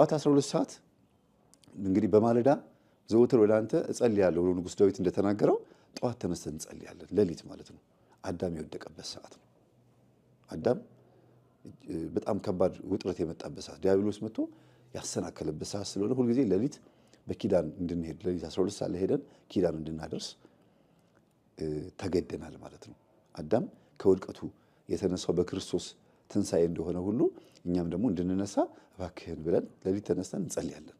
ጠዋት 12 ሰዓት እንግዲህ በማለዳ ዘውትር ወደ አንተ እጸልያለሁ ብሎ ንጉሥ ዳዊት እንደተናገረው ጠዋት ተነስተን እንጸልያለን። ሌሊት ማለት ነው። አዳም የወደቀበት ሰዓት ነው። አዳም በጣም ከባድ ውጥረት የመጣበት ሰዓት፣ ዲያብሎስ መጥቶ ያሰናከለበት ሰዓት ስለሆነ ሁልጊዜ ሌሊት በኪዳን እንድንሄድ ሌሊት 12 ሰዓት ለሄደን ኪዳን እንድናደርስ ተገደናል ማለት ነው። አዳም ከውድቀቱ የተነሳው በክርስቶስ ትንሣኤ እንደሆነ ሁሉ እኛም ደግሞ እንድንነሳ እባክህን ብለን ሌሊት ተነስተን እንጸልያለን።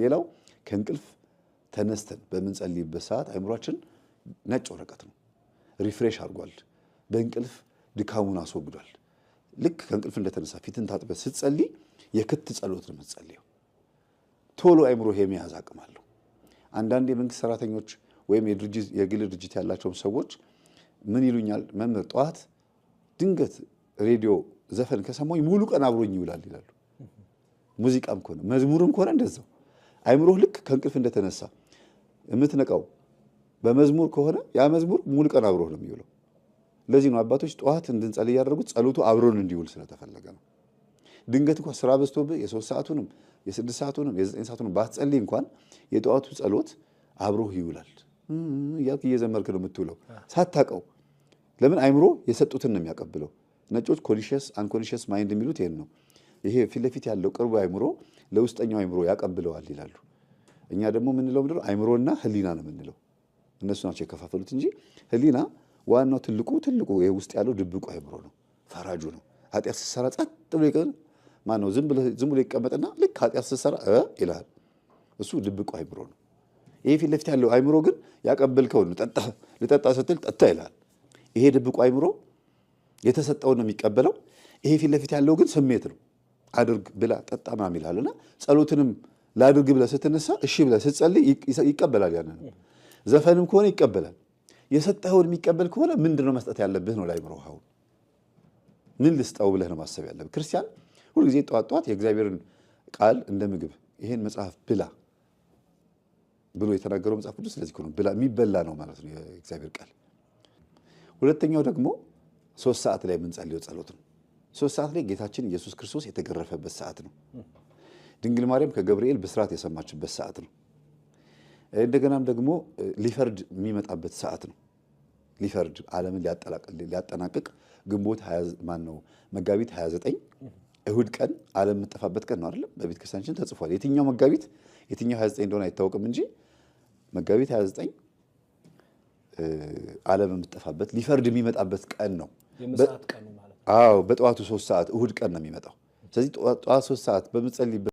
ሌላው ከእንቅልፍ ተነስተን በምንጸልይበት ሰዓት አይምሯችን ነጭ ወረቀት ነው፣ ሪፍሬሽ አድርጓል፣ በእንቅልፍ ድካሙን አስወግዷል። ልክ ከእንቅልፍ እንደተነሳ ፊትን ታጥበ ስትጸልይ የክት ጸሎት ነው የምትጸልየው። ቶሎ አይምሮ የመያዝ አቅም አለው። አንዳንድ የመንግስት ሰራተኞች ወይም የግል ድርጅት ያላቸውም ሰዎች ምን ይሉኛል፣ መምህር ጠዋት ድንገት ሬዲዮ ዘፈን ከሰማሁኝ ሙሉ ቀን አብሮኝ ይውላል ይላሉ። ሙዚቃም ከሆነ መዝሙርም ከሆነ እንደዛው አይምሮህ ልክ ከእንቅልፍ እንደተነሳ የምትነቃው በመዝሙር ከሆነ ያ መዝሙር ሙሉ ቀን አብሮህ ነው የሚውለው። ለዚህ ነው አባቶች ጠዋት እንድንጸል እያደረጉት ጸሎቱ አብሮን እንዲውል ስለተፈለገ ነው። ድንገት እንኳን ስራ በዝቶብህ የሶስት ሰዓቱንም የስድስት ሰዓቱንም የዘጠኝ ሰዓቱንም ባትጸልይ እንኳን የጠዋቱ ጸሎት አብሮህ ይውላል። እያልክ እየዘመርክ ነው የምትውለው ሳታውቀው። ለምን አይምሮ የሰጡትን ነው የሚያቀብለው። ነጮች ኮንሽስ አንኮንሽስ ማይንድ የሚሉት ይሄን ነው። ይሄ ፊት ለፊት ያለው ቅርቡ አይምሮ ለውስጠኛው አይምሮ ያቀብለዋል ይላሉ። እኛ ደግሞ የምንለው ምንድነው? አይምሮና ህሊና ነው የምንለው። እነሱ ናቸው የከፋፈሉት እንጂ ህሊና ዋናው ትልቁ ትልቁ ይሄ ውስጥ ያለው ድብቁ አይምሮ ነው፣ ፈራጁ ነው። ኃጢአት ስትሰራ ጸጥ ብሎ ይቀር ማን ነው? ዝም ብሎ ይቀመጥና ልክ ኃጢአት ስትሰራ ይልሃል። እሱ ድብቁ አይምሮ ነው። ይሄ ፊት ለፊት ያለው አይምሮ ግን ያቀበልከው ጠጣ ልጠጣ ስትል ጠጣ ይልሃል። ይሄ ድብቁ አይምሮ የተሰጠውን ነው የሚቀበለው። ይሄ ፊት ለፊት ያለው ግን ስሜት ነው። አድርግ ብላ ጠጣ ምናምን ይልሃል ጸሎትንም ላድርግ ብለ ስትነሳ እሺ ብለ ስትጸልይ ይቀበላል። ያንን ዘፈንም ከሆነ ይቀበላል። የሰጠኸውን የሚቀበል ከሆነ ምንድን ነው መስጠት ያለብህ ነው ላይ ምሮህ አሁን ምን ልስጠው ብለህ ነው ማሰብ ያለብህ። ክርስቲያን ሁልጊዜ ጠዋት ጠዋት የእግዚአብሔርን ቃል እንደ ምግብ ይሄን መጽሐፍ ብላ ብሎ የተናገረው መጽሐፍ ቅዱስ ስለዚህ ነው ብላ የሚበላ ነው ማለት ነው የእግዚአብሔር ቃል። ሁለተኛው ደግሞ ሶስት ሰዓት ላይ የምንጸልየው ጸሎት ነው። ሶስት ሰዓት ላይ ጌታችን ኢየሱስ ክርስቶስ የተገረፈበት ሰዓት ነው። ድንግል ማርያም ከገብርኤል ብስራት የሰማችበት ሰዓት ነው። እንደገናም ደግሞ ሊፈርድ የሚመጣበት ሰዓት ነው። ሊፈርድ ዓለምን ሊያጠናቅቅ ግንቦት ማን ነው መጋቢት 29 እሁድ ቀን ዓለም የምጠፋበት ቀን ነው አይደለም። በቤተ ክርስቲያናችን ተጽፏል። የትኛው መጋቢት የትኛው 29 እንደሆነ አይታወቅም እንጂ መጋቢት 29 ዓለም የምትጠፋበት ሊፈርድ የሚመጣበት ቀን ነው። አዎ፣ በጠዋቱ ሶስት ሰዓት እሁድ ቀን ነው የሚመጣው። ስለዚህ ጠዋት ሶስት ሰዓት በምጸልይበት